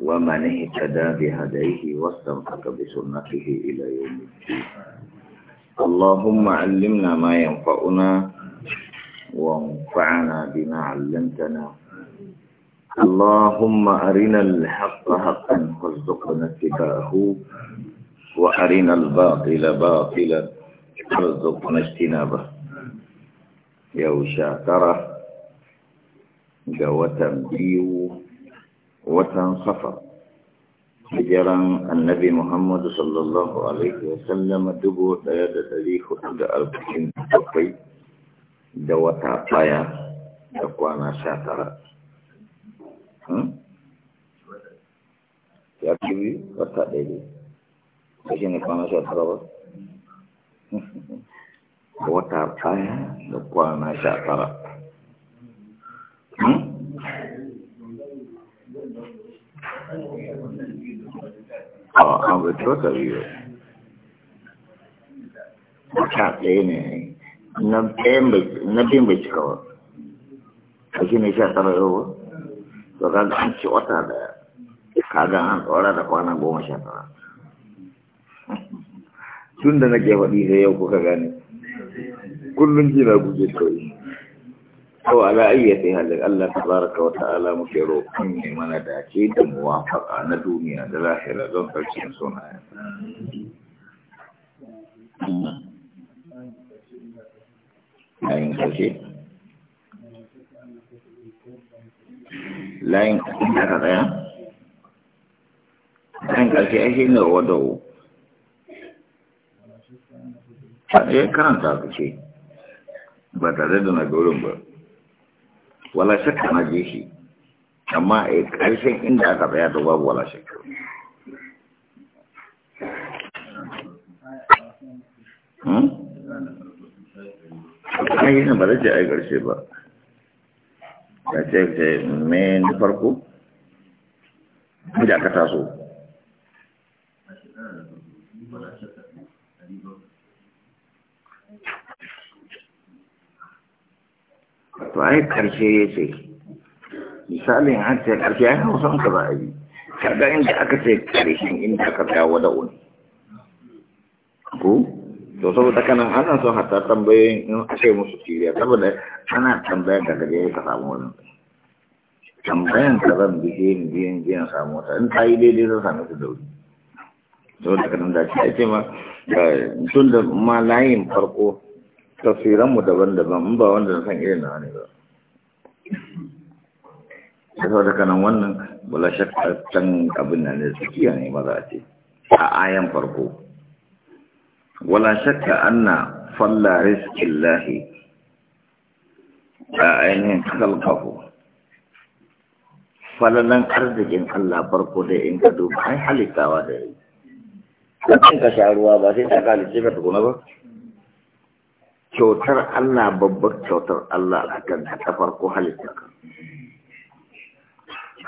ومن اهتدى بهديه واستمسك بسنته إلى يوم الدين اللهم علمنا ما ينفعنا وانفعنا بما علمتنا اللهم أرنا الحق حقا وارزقنا اتباعه وأرنا الباطل باطلا وارزقنا اجتنابه يا ترى جوة بيو watan safar hijiran annabi muhammadu sallallahu alaihi wasallama dubu daya da dari hudu da arba'in bakwai da wata daya da kwana sha tara hmm? ya kiwi wata ɗaya ne ba shi ne kwana sha tara ba wata daya da kwana sha tara a bai tota biyu a sha ne na biyun bai cika ba a shi ne sha tara yau ba to kaga an ci wata daya kaga an tsora da kwana goma sha tara tun da nake faɗi da yau kuka gane kullum ji na guje kawai ko ala ayyati halin Allah baraka wa ta'ala muke roƙon ne mana da dace da muwafaka na duniya da lahira don karshen sunayen layin karshe layin ƙasa ɗaya layin karshe a shi ne wadau a karanta ka ce ba tare da na ba wala shakka na je shi amma a ƙarshen inda aka tsaya da babu wala shakka hmm? ai na ba zai a ƙarshe ba ya ce ce mai na farko inda aka taso to ai karshe ya ce misalin an ce karshe ai hausan ka za a yi kaga inda aka ce karshen inda aka dawo da wani ko to saboda kanan ana so hata tambayoyin in ake musu kiriya saboda ana tambayan ka gaje ka samu wani tambayan ka zan bi ni biyan biyan samu wata in ta yi daidai zan sami su dauri saboda kanan da ce ma eh, tun da ma layin farko tafsiranmu daban-daban ba wanda na san irin na ne ba kasar da kanan wannan bula shakka can abin nan ne tsakiya ne maza ce a ayan farko wala shakka anna falla rizkin lahi a ainihin kalkafu falalan arzikin Allah farko da in ka duba an halittawa da yi. ka sha ruwa ba sai ta kalice ka tukuna ba. kyautar Allah babbar kyautar Allah a kan ta farko halitta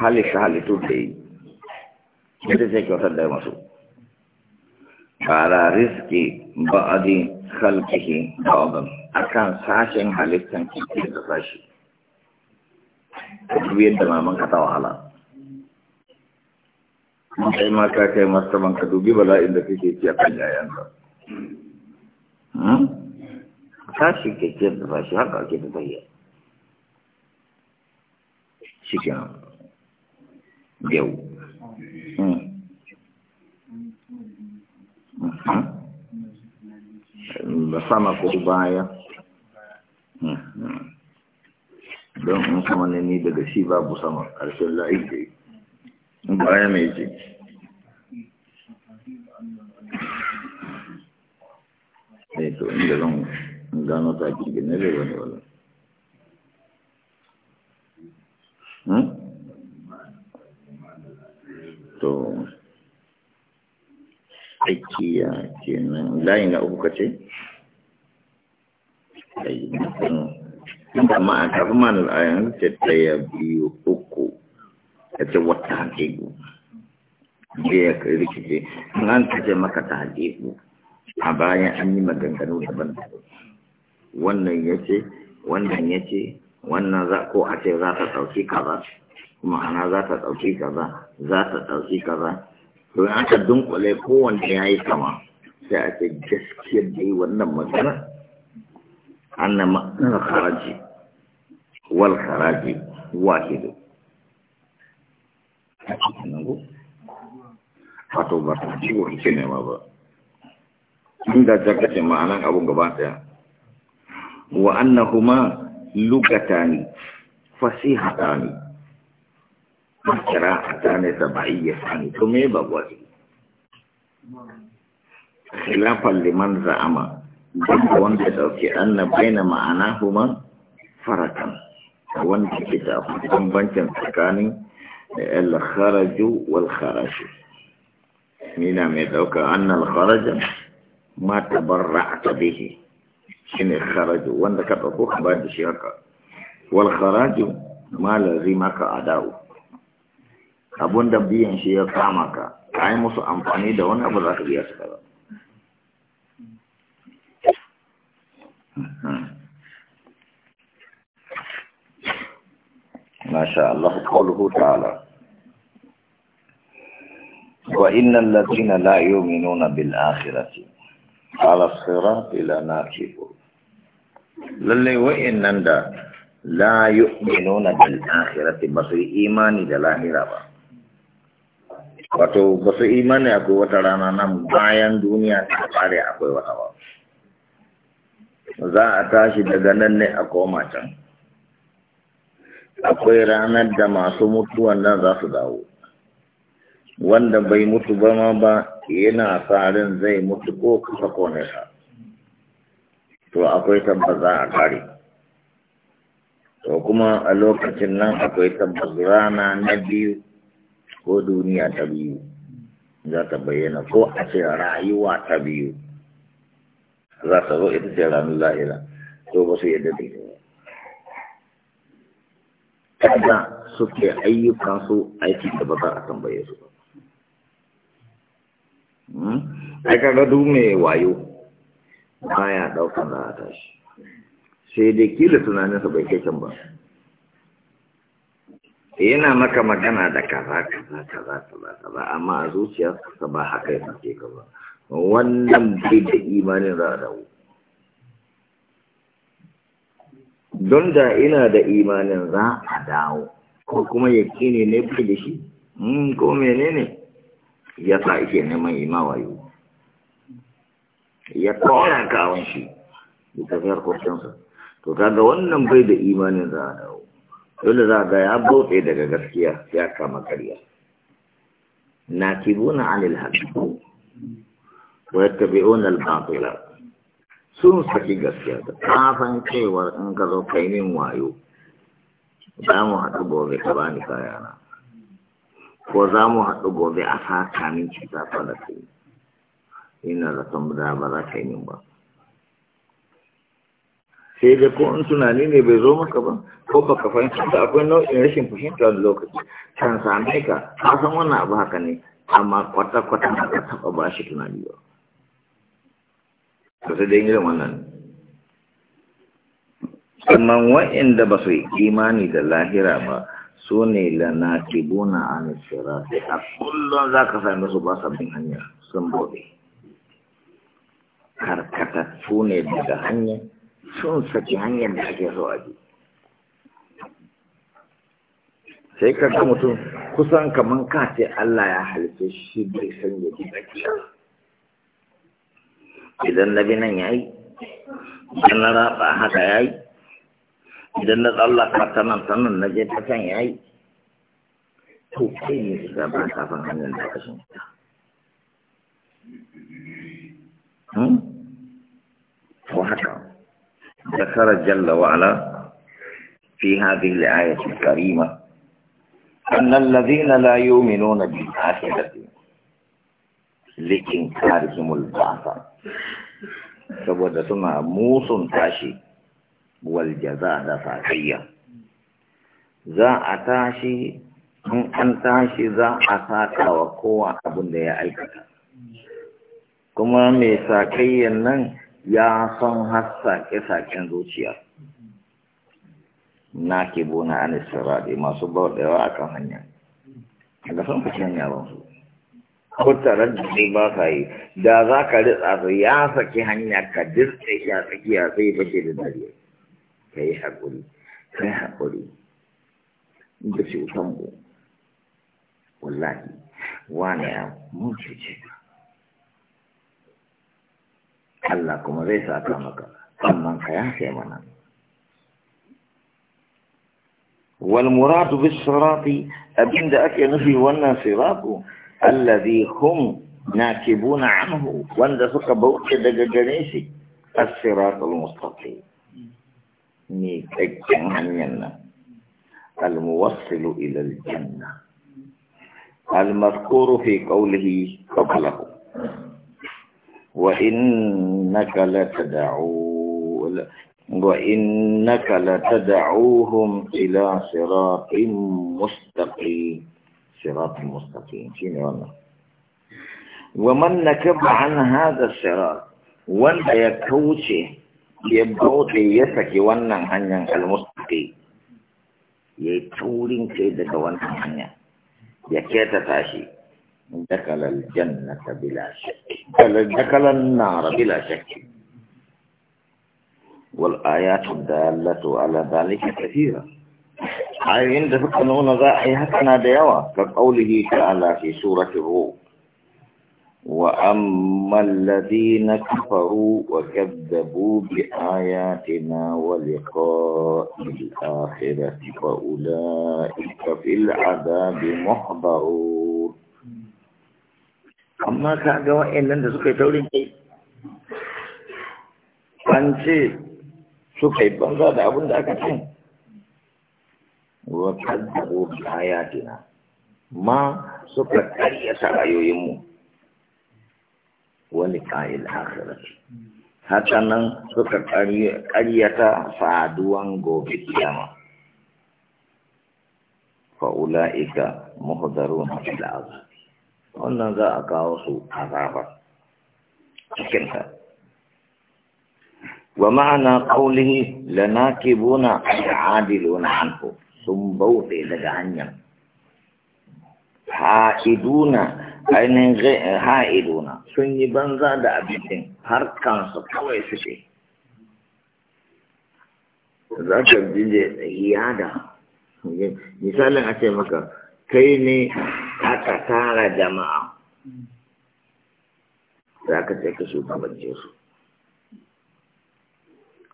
halitta halittu da yi yadda sai kyautar da masu fara riski ba'adi halkihi ba'adun a kan sashen halittan kiki da sashi duk yadda maman ka ta wahala kai ma ka kai masu ka dubi bala'in da kake ci a kan yayanka hmm? tashi gaggiyar da ba shi haka ake da bayyana shi ke yau hmm. Hmm. sama ko baya hmm, don in kama ne ni daga shi babu sama ƙarshen la'ayi ke baya mai ce eh, Itu, ini dalam gano ta ki gina da wani wala hmm? to aikiya kenan layi na uku kace ai inda ma a kafin manar ayan ce ɗaya biyu uku ta ce wata hakiku da ya rikice an ta ce maka ta hakiku a bayan an yi maganganu daban-daban wannan ya ce wannan ya ce wannan za ko a ce za ta ɗauki kaza ma'ana za ta ɗauki kaza za ta ɗauki kaza to an aka dunkule kowanne ya yi kama sai a ce gaskiyar dai wannan magana an na ma'anar haraji wal haraji wahidu wato ba ta ciwo ne ma ba inda ta ma'anan ma'anar abun gaba ɗaya وأنهما لغتان فصيحتان قراءتان سبعيتان ثم بواسي خلافا لمن زعم wanda dauke anna baina ma'anahuma farakan wanda ke da bambancin tsakanin al-kharaju wal kharaj nina mai dauka anna al-kharaja ma tabarra'ta bihi shine kharaju wanda ka dauko ka bayar da shi haka wal kharaju ma maka adau abunda biyan shi ya kama ka kai musu amfani da wani abu za ka biya su kaza Masha Allah, ƙauluhu ta'ala. وإن الذين لا يؤمنون بالآخرة على الصراط لناكبون lallai nan da la nuna da akhirati ba su imani da lahira ba wato ba su imani akwai wata rana nan bayan duniya ta fare akwai wata ba za a tashi daga nan ne a koma can akwai ranar da masu mutuwan nan za su dawo wanda bai mutu ba ma ba yana sa zai mutu ko kafa ko nesa to akwai tabbas za a kare to kuma a lokacin nan akwai tabbas rana na biyu ko duniya ta biyu za ta bayyana ko a ce rayuwa ta biyu za ta zo ita ce ranar la'ila to ba su yadda da ita kada suke ayyukansu aiki da ba za a tambaye su ba. Hmm? Aika ga dume wayo, baya daukan za a tashi sai dai kila tunaninsa bai kai can ba yana maka magana da kaza kaza kaza kaza kaza amma a zuciyarsa ba haka ya ke ka ba wannan bai da imanin za a dawo don da ina da imanin za a dawo ko kuma yake ne ne bai da shi hmm, ko menene ya sa ike neman imawa yau ya kora ka a shi da tafiyar kwacinsa to kaga wannan bai da imanin za a dawo dole za ga ya bautse daga gaskiya ya kama karya na na anil ko ya tafi onal bafila sun saki gaskiya da kafan cewar in ka zo kai min wayo za mu haɗu gobe ka bani kayana ko za mu haɗu gobe a saka min cuta fa da kai ina da san da ba za ka yi min ba sai da ko in tunani ne bai zo maka ba ko baka fahimta da akwai nau'in rashin fahimta da lokaci kan same ka ka san wannan abu haka ne amma kwata-kwata na ka taɓa ba shi tunani ba ka sai dai irin wannan amma wa'inda ba su yi imani da lahira ba su ne da na lanakibuna a sai a kullum za ka sami su ba sabbin hanya sun bude karkata su ne daga hanyar sun saki hanyar da ake so a sai ka ga mutum kusan kaman ka ce Allah ya halice shi bai san ya ji tsakiya idan na bi nan ya yi idan na raba haka ya yi idan na tsalla ta nan sannan na je ta can ya yi to kai ne su gaba kafin hanyar da ka shi ko hmm? haka zakarar jalla wa'ala fi haɗe da ayatun karima annan lazina la yi omino na bi a shekaru likin karikimul basa saboda suna musun tashi waljaza da fasiyya za a tashi in an tashi za a sakawa kowa abinda ya aikata kuma mai sakayyan nan ya san har sake-saken zuciya na ke bona a nisirari masu bauɗewa a kan hanya daga san fashe hanya ba su ko tare da su ba sa yi da za ka ritsa su ya saki hanya ka dirtse ya tsakiya sai ke da dare ka yi haƙuri ka yi haƙuri da shi utan ku wallahi wane ya mun ce Allah kuma zai saka maka sannan ka yafe mana wal muradu bis sirati abinda ake nufi wannan siratu alladhi hum nakibuna anhu wanda suka bauce daga gare shi as-siratul mustaqim ni kakkan hanyar nan al-muwassilu ila al-janna al-mazkuru fi qawlihi qablahu وإنك لتدعو وإنك لتدعوهم إلى صراط مستقيم صراط مستقيم شين والله ومن نكب عن هذا الصراط وان يكوش يبوطي يسكي وانا هنيا المستقيم يتولين كيدك وانا هنيا يكيت تاشي دخل الجنة بلا شك فلدخل النار بلا شك والآيات الدالة على ذلك كثيرة أي دفق نون ذاحي حقنا ديوة كقوله تعالى في سورة الروم وأما الذين كفروا وكذبوا بآياتنا ولقاء الآخرة فأولئك في العذاب محضرون amma ka ga wa'annan da suka yi taurin kai an ce suka yi banza da abin da aka cin wa kaddabu bi ayatina ma suka karyata ayoyinmu wani ƙa'il akhirati haka nan suka karyata faduwan gobe kiyama fa'ula'ika muhdaruna fil azab wannan za a kawo su azaba cikin ta wa ma'ana qawlihi lanakibuna al'adiluna anhu sun bauɗe daga hanyar ha'iduna ainihin ha'iduna sun yi banza da abincin har kansu kawai suke za ka jije da misalin a ce maka kai ne aka tara jama'a za ka sai ka shugabance su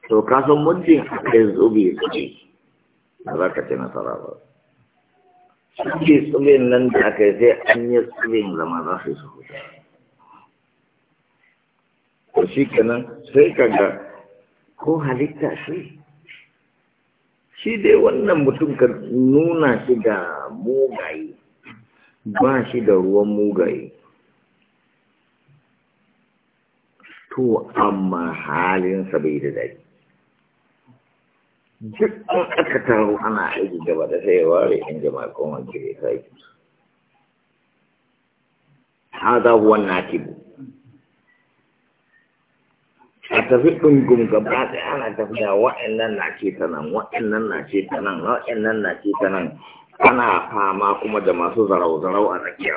to kasan muddin aka yi zobe suke ba za ka ce nasara ba suke tsubin nan da aka yi sai an yi tsubin zama za su yi su huta to shi kenan sai ka ga ko halitta shi shi dai wannan mutum ka nuna shi da mugaye ba shi da ruwan mugaye to amma halinsa bai da dai duk an aka taru ana aiki gaba da sai ware in jama'a kowane kire sai hada ake bu. a tafi ɗungun gaba ɗaya ana tafiya wa'annan na ce ta nan wa'annan na ce ta nan wa'annan na ce ta nan ana fama kuma da masu zarau-zarau a tsakiya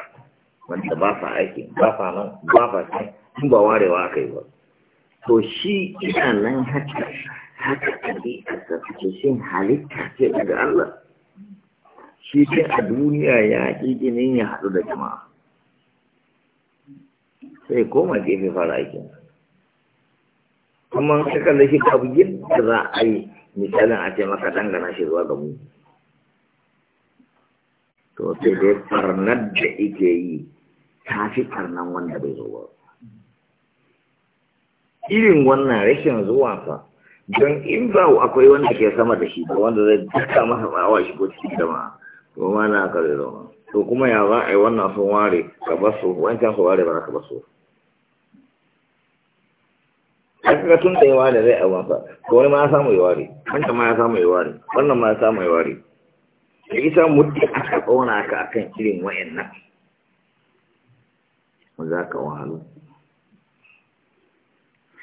wanda ba sa aiki ba sa nan ba sa can tun ba warewa aka yi ba to shi ina nan haka haka ɗari, a tafi shin halitta ce daga Allah shi ce a duniya ya ƙi ginin ya haɗu da jama'a sai koma gefe fara aikinsa amma ka kalle shi kabu yadda za a yi misalin a ce maka dangana shi zuwa ga mu to sai dai farnar da ike yi ta fi karnan wanda bai zo ba irin wannan rashin zuwa fa don in ba akwai wanda ke sama da shi ba wanda zai duka masa bawa shi ko cikin jama'a to ma na kare zama to kuma ya za a yi wannan sun ware ka basu wancan su ware ba ka basu aka tun da yawa da zai a wasa ko wani ma ya samu yawa ne wanda ma ya samu yawa ne wannan ma ya samu yawa ne da isa mutum aka ƙauna ka kan irin wa'annan za ka wahalu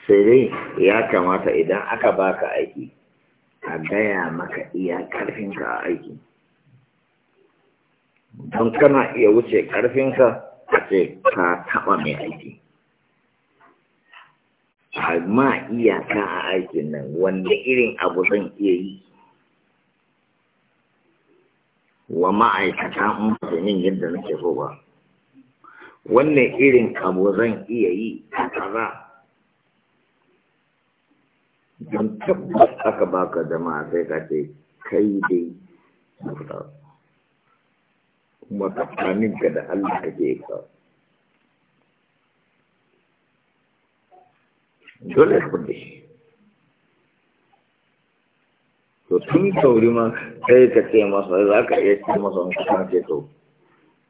sai dai ya kamata idan aka baka aiki a gaya maka iya ƙarfinka a aiki don kana iya wuce ƙarfinka a ce ka taɓa mai aiki amma iyaka a aikin nan wanda irin abu zan iya yi wa ma'aikata in ba min yadda nake so ba wannan irin abu zan iya yi a kaza don tabbas aka baka jama'a sai ka ce kai dai kuma tsakaninka da Allah kake kawo dole ka da shi to tun tauri ma sai ka ce masa za ka iya ce masa wani kusa ce to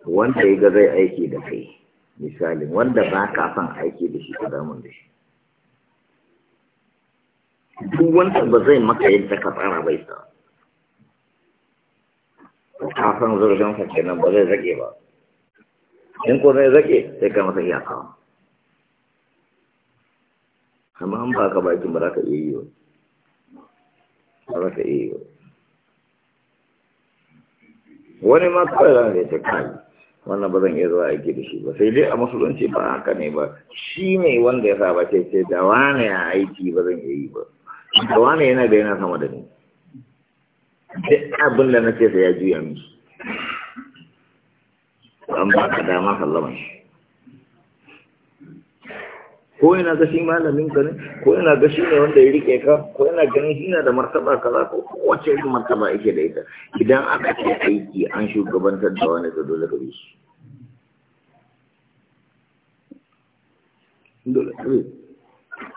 wanda ya ga zai aiki da kai misali wanda ba ka son aiki da shi ka damun da shi duk wanda ba zai maka yadda ka tsara bai sa ka san zurfin sa kenan ba zai zake ba in ko zai zake sai ka masa iyakawa. amma an ba ka bakin ba za ka iya yi ba ba za ka iya yi ba wani ma kawai zan da ta kai wannan ba zan iya zuwa aiki da shi ba sai dai a musulunci ba haka ne ba shi ne wanda ya sa ba ce ce da wane a aiki ba zan iya yi ba da wane yana da yana sama da ni duk abin da na ce sai ya juya min an ba ka dama sallama shi ko yana ga shi malamin ka ne ko yana ga shi ne wanda ya rike ka ko yana ganin shi na da martaba kaza ko wace irin martaba yake da ita idan aka ce aiki an shugabantar da wani da dole ka bi shi dole ka bi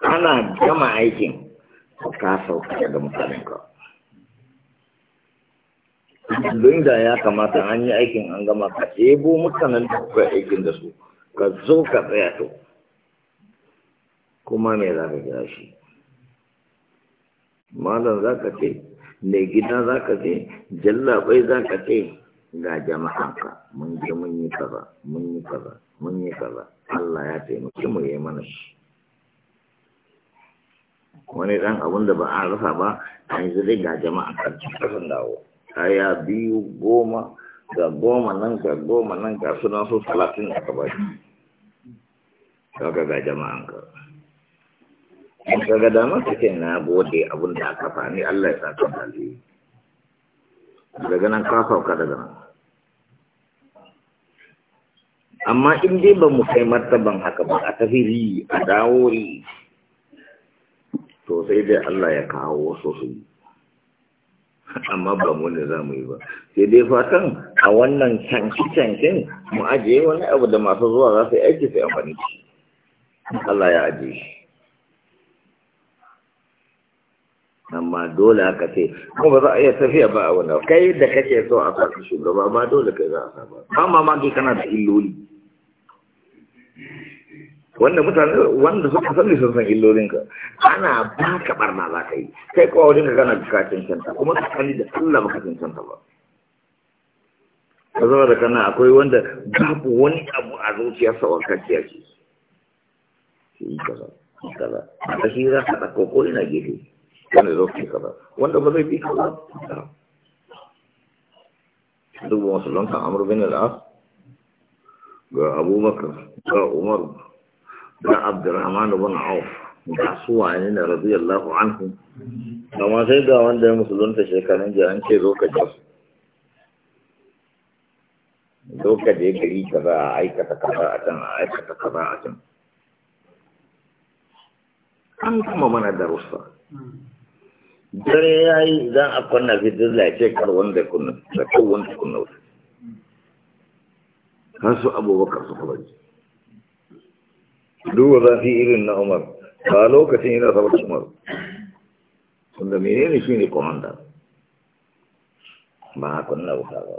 ana gama aikin ka sauka daga mutanen ka don da ya kamata an yi aikin an gama ka ɗebo mutanen da kuka aikin da su ka zo ka tsaya to kuma me za ka kira shi malam za ka ce mai gida za ka ce jallabai za ka ce ga jama'anka mun je mun yi kaza mun yi kaza mun yi kaza Allah ya taimaki mu yi mana shi wani dan abun da ba a rasa ba a yi dai ga jama'a kan kasan dawo ya biyu goma ga goma nan ga goma nan ga suna so talatin aka ba shi ga jama'a ka in ka ga dama ka na gode abin da aka fani Allah ya sa ka dalili daga nan ka sauka daga nan amma in dai ba mu kai martaban haka ba a tafiri a dawo ri to sai dai Allah ya kawo wasu su amma ba mu ne za mu yi ba sai dai fatan a wannan canci cancin mu ajiye wani abu da masu zuwa za su yi aiki sai amfani Allah ya ajiye shi amma dole haka ce kuma za a iya tafiya ba a wani kai da kake so a saka shugaba ba dole kai za a sa ba Ba mamaki kana da illoli wanda mutane wanda suka sani sun san illolinka ana ba ka barna za ka yi kai kuwa wajen ka kana ka cancanta kuma tsakani da Allah ka cancanta ba ka zama da kana akwai wanda babu wani abu a zuciyarsa wankaciya ce shi kaza kaza a shi za ka ɗauko ko ina gefe كان يروكي كذا وانت بدوي بيك دو وصلنا عمرو بن العاص جاء أبو بكر جاء عمر جاء عبد الرحمن بن عوف عصوا عنين رضي الله عنه لما سيدا وانت مسلون تشكرا جاء انك روك جاس روك جاء جري كذا عائكة كذا أتن عائكة كذا أتن أنت ممن أدرسا dare ya yi idan a kunna fitilla ya ce kar wanda kunna da kowanne kunna wuta har su abubakar su kuma ji duba fi irin na umar ba lokacin yana sabar umar wanda menene shi ne komanda ba a kunna wuta ba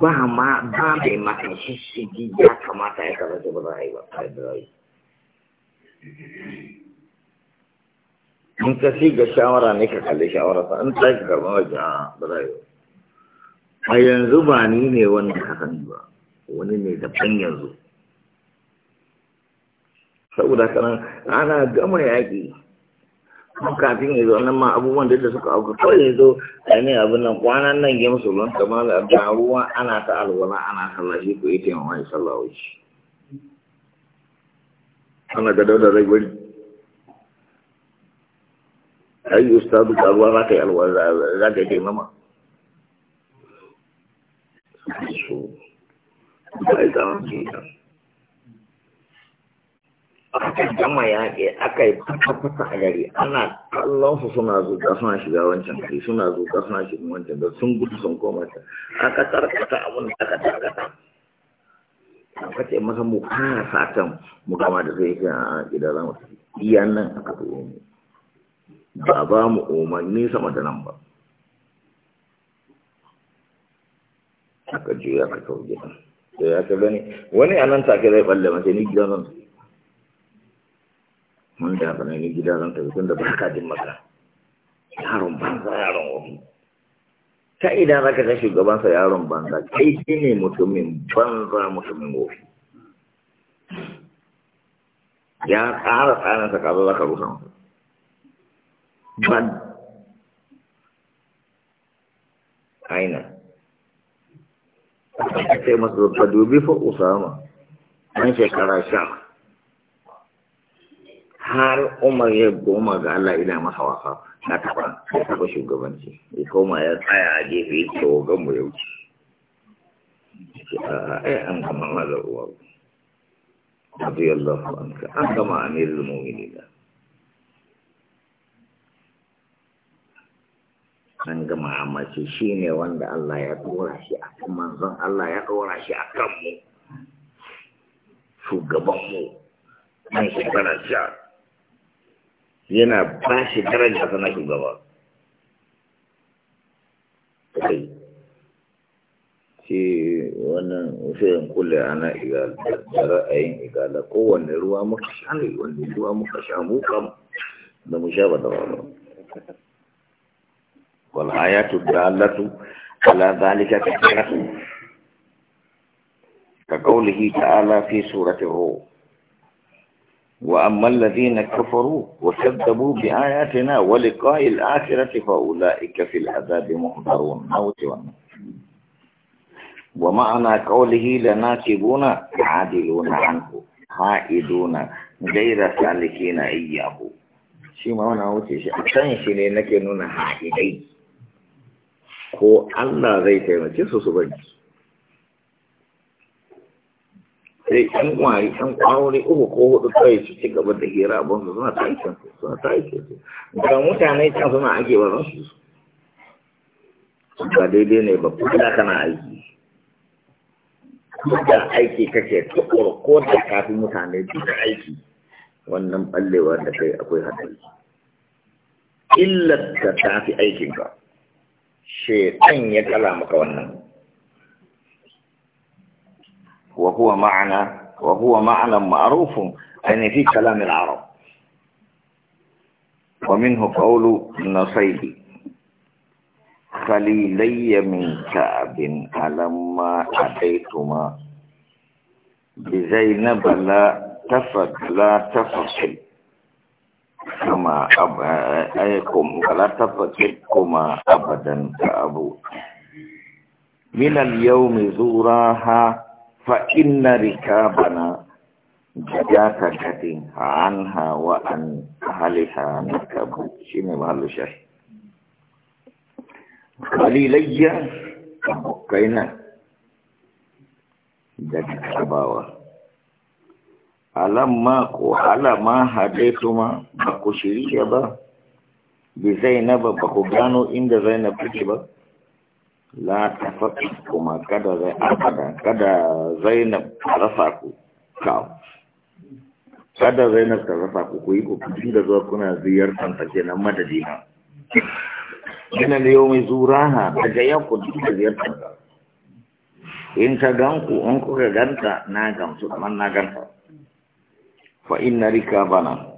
ba ma ba mai maka shishigi ya kamata ya kamata ba za a yi ba a yi in ka shi ga shawara ne ka kalli shawara ta in ta ka karɓa waje ba za a yanzu ba ni ne wani ka sani ba wani ne da ban yanzu saboda kanan ana gama yaƙi kafin ya zo nan ma abubuwan da suka auka kawai ya zo ainihin abin nan kwanan nan ya musu ruwan kama da abin ruwa ana ta alwala ana sallashi ko ita yamma wani sallawa shi ana gado da rai ai ustadu ka ruwa za ka yi alwar za ka yi nama so ba yi ke su yi aka yi fata-fata a gari ana kallon su suna zuƙa suna shiga wancan gari suna zuƙa suna shiga wancan gari sun gudu sun koma ta aka tarkata abin da aka tarkata aka ce masa mu kana satan mu gama da zai fi a gidan ramar tafi iya nan aka tuwo mu ba ba mu umarni sama da nan ba aka juya ka kawo gidan da ya ka gani wani a nan take zai balle mace ni gidan zan mun da haka ni gidan zan tafi tun da ba ka jin maka yaron banza yaron wani ta idan za ka ta shugabansa yaron banza kai shi ne mutumin banza mutumin wofi ya tsara tsarinsa ka zo za ka rusa masa Aina, أين sai masu ka dubi fa usama an shekara sha har umar ya goma ga Allah ina masa wasa na taba ya taba shugabanci ya koma ya tsaya a gefe ya ce wa mu yau ai an gama mazar uwa radiyallahu anka an gama amirul mu'minin an gama amince shi ne wanda Allah ya dora shi a kan manzon Allah ya dora shi a kan mu shugaban mu shekara sha yana ba shi daraja sana shugaba kai shi wannan usayin kulle ana igala da ra'ayin igala kowane ruwa muka sha ne wanda ruwa muka sha mu kam da mu sha ba da ba والآيات الدالة على ذلك كثيرة كقوله تعالى في سورة الروم وأما الذين كفروا وكذبوا بآياتنا ولقاء الآخرة فأولئك في العذاب محضرون موت ومعنى قوله لناكبون عادلون عنه حائدون غير سالكين إياه شيء ما هو أوتي شيء أحسن شيء لأنك نون حائدين ko Allah zai taimake su su bari sai ɗan ƙwari ɗan ƙwarori uku ko hudu kawai su ci gaba da hira abin su suna taikin su suna taikin su ga mutane can suna ake ba zan su ba daidai ne ba kuma kana aiki da aiki kake tukur ko da kafin mutane duka aiki wannan ɓallewa da kai akwai haɗari illar ta tafi aikinka syaitan ya kalah maka wannan wa huwa ma'ana wa huwa ma'ana ma'rufum, ini fi kalam al-arab wa minhu qawlu nasaybi khalilayya min ka'abin alamma adaituma. bi la tafad la tafsil كما أب... أيكم ولا تفكركما أبدا كأبو من اليوم زوراها فإن ركابنا جاك كتي عنها وعن أهلها نكبوا شيني محل شيء قليلية بقينا جاك كباوة alamma ko alama hadaituma ba ku shirya ba bi zainaba ba ku gano inda zainab take ba la tafaqi kuma kada zai abada kada zainab rasa ku kawo kada zainab ta rasa ku ku yi kokari da zuwa kuna ziyartar ta kenan madadina yana da yau mai zuraha daga yau ku duka ziyartar ta in ta ku in kuka ganta na gamsu kamar na ganta فإن ركابنا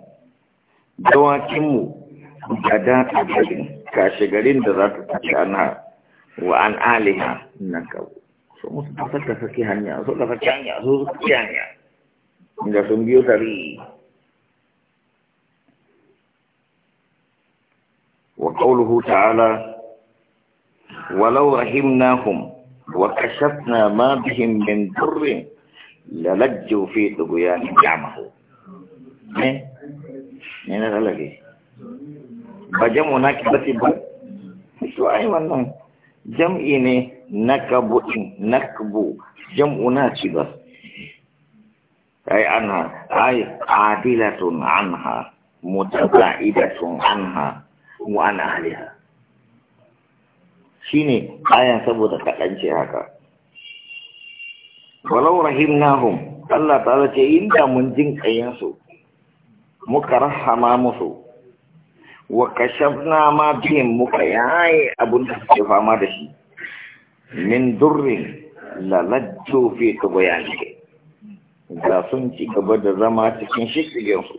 دواكم جدات الجبن كاشغرين درات تشانها وعن آلها نكو سمس تفكى فكيهانيا سولا فكيهانيا سولا فكيهانيا إذا سنبيو تري وقوله تعالى ولو رحمناهم وكشفنا ما بهم من ضر للجوا في طغيان يعمهون ne ne na talage ba jam'u na ki bace ba to ai wannan jam'i ne na kabu na kabu jam'u na ci ba ai ana ai adilatun anha mutaba'idatun anha wa an ahliha shine ayan saboda kadance haka walau rahimnahum Allah Ta ce inda mun jin su. muka rahama musu wa kashafna ma bihim muka yaye abun da suke fama da shi min la lajju fi tughyanihim da sun ci gaba da zama cikin su.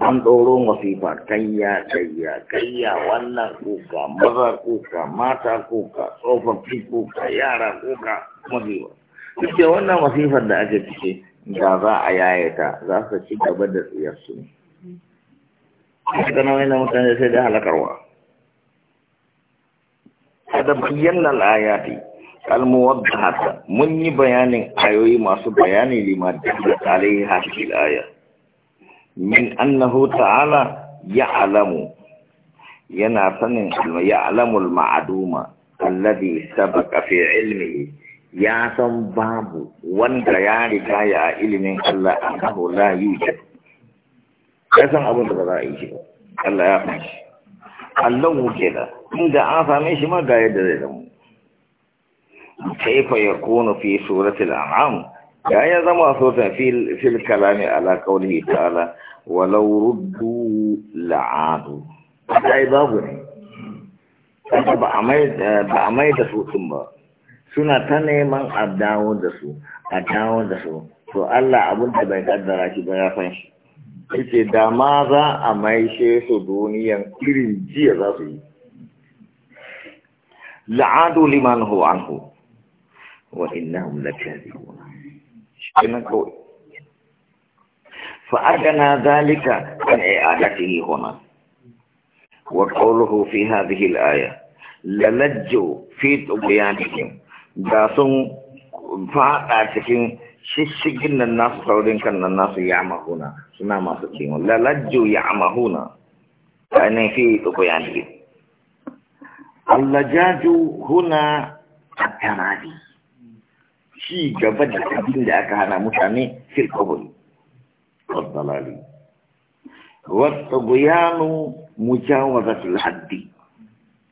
an ɗoro wasifa kayya kayya kayya wannan kuka maza kuka mata kuka tsofaffi kuka yara kuka masifa duk wannan wasifar da ake ciki da za a yaye ta za su ci gaba da tsiyarsu ne. Haka na wani mutane sai da halakarwa. Kada bayyana al'ayati al-muwaddahata mun yi bayanin ayoyi masu bayani lima da alaihi hakil aya. Min annahu ta'ala ya'lamu yana sanin ya'lamul ma'aduma alladhi sabaka fi ilmihi ya san babu wanda ya riga ya a ilimin Allah annahu la yujad ya san abin da ba za a yi shi Allah ya san shi Allah wuce da inda an same shi ma ga yadda zai zama kaifa yakunu fi suratul an'am ya ya zama sota fil fil kalami ala qawlihi ta'ala walau ruddu la'adu Ya yi babu ne ba a mai da su ba suna ta neman a dawo da su a dawo da su to Allah abin da bai kaddara shi ba ya san shi yace da ma za a maishe su duniyan irin jiya za su yi la'adu liman hu anhu wa innahum lakadibun shi nan kawai fa adana zalika an i'adatihi huna wa qawluhu fi hadhihi al-aya lalajju fi tughyanihim da sun fada cikin shishigin nan nasu saurin kan nan nasu ya mahuna suna masu kiwon lalajjo ya mahuna ainihin fi tsukuyanki allajaju huna a tanadi ci gaba da abin da aka hana mutane fil kabul والضلال والطغيان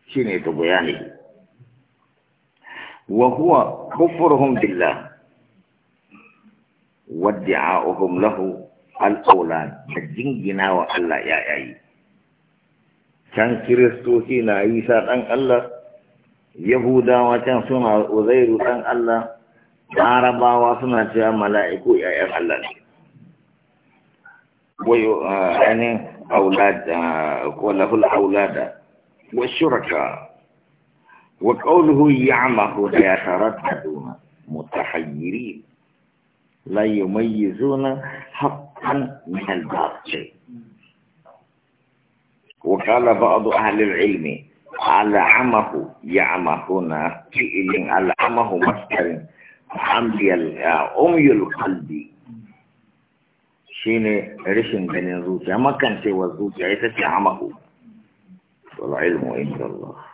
Shi ne ta طغيانه wa huwa kufurhum billah wad'a'uhum lahu al da jingina wa Allah ya yayi can kiristoci na isa dan Allah yahudawa can suna uzairu ɗan Allah larabawa suna cewa mala'iku ‘ya'yan Allah ne wayo ah, ainihin aulada ah, ko lahul aulada wa shuraka وقوله يعمه لا يترددون متحيرين لا يميزون حقا من الباطل وقال بعض أهل العلم على عمه هنا فعل على ألعمه مصدر أمي القلب شين رشن بين الزوجة ما كان سوى الزوجة عمه والعلم عند الله